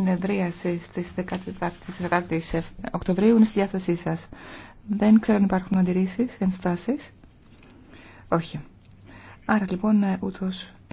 συνεδρίαση της 14ης Οκτωβρίου είναι στη διάθεσή σα. Δεν ξέρω αν υπάρχουν αντιρρήσει, ενστάσεις. Όχι. Άρα λοιπόν ε, ούτω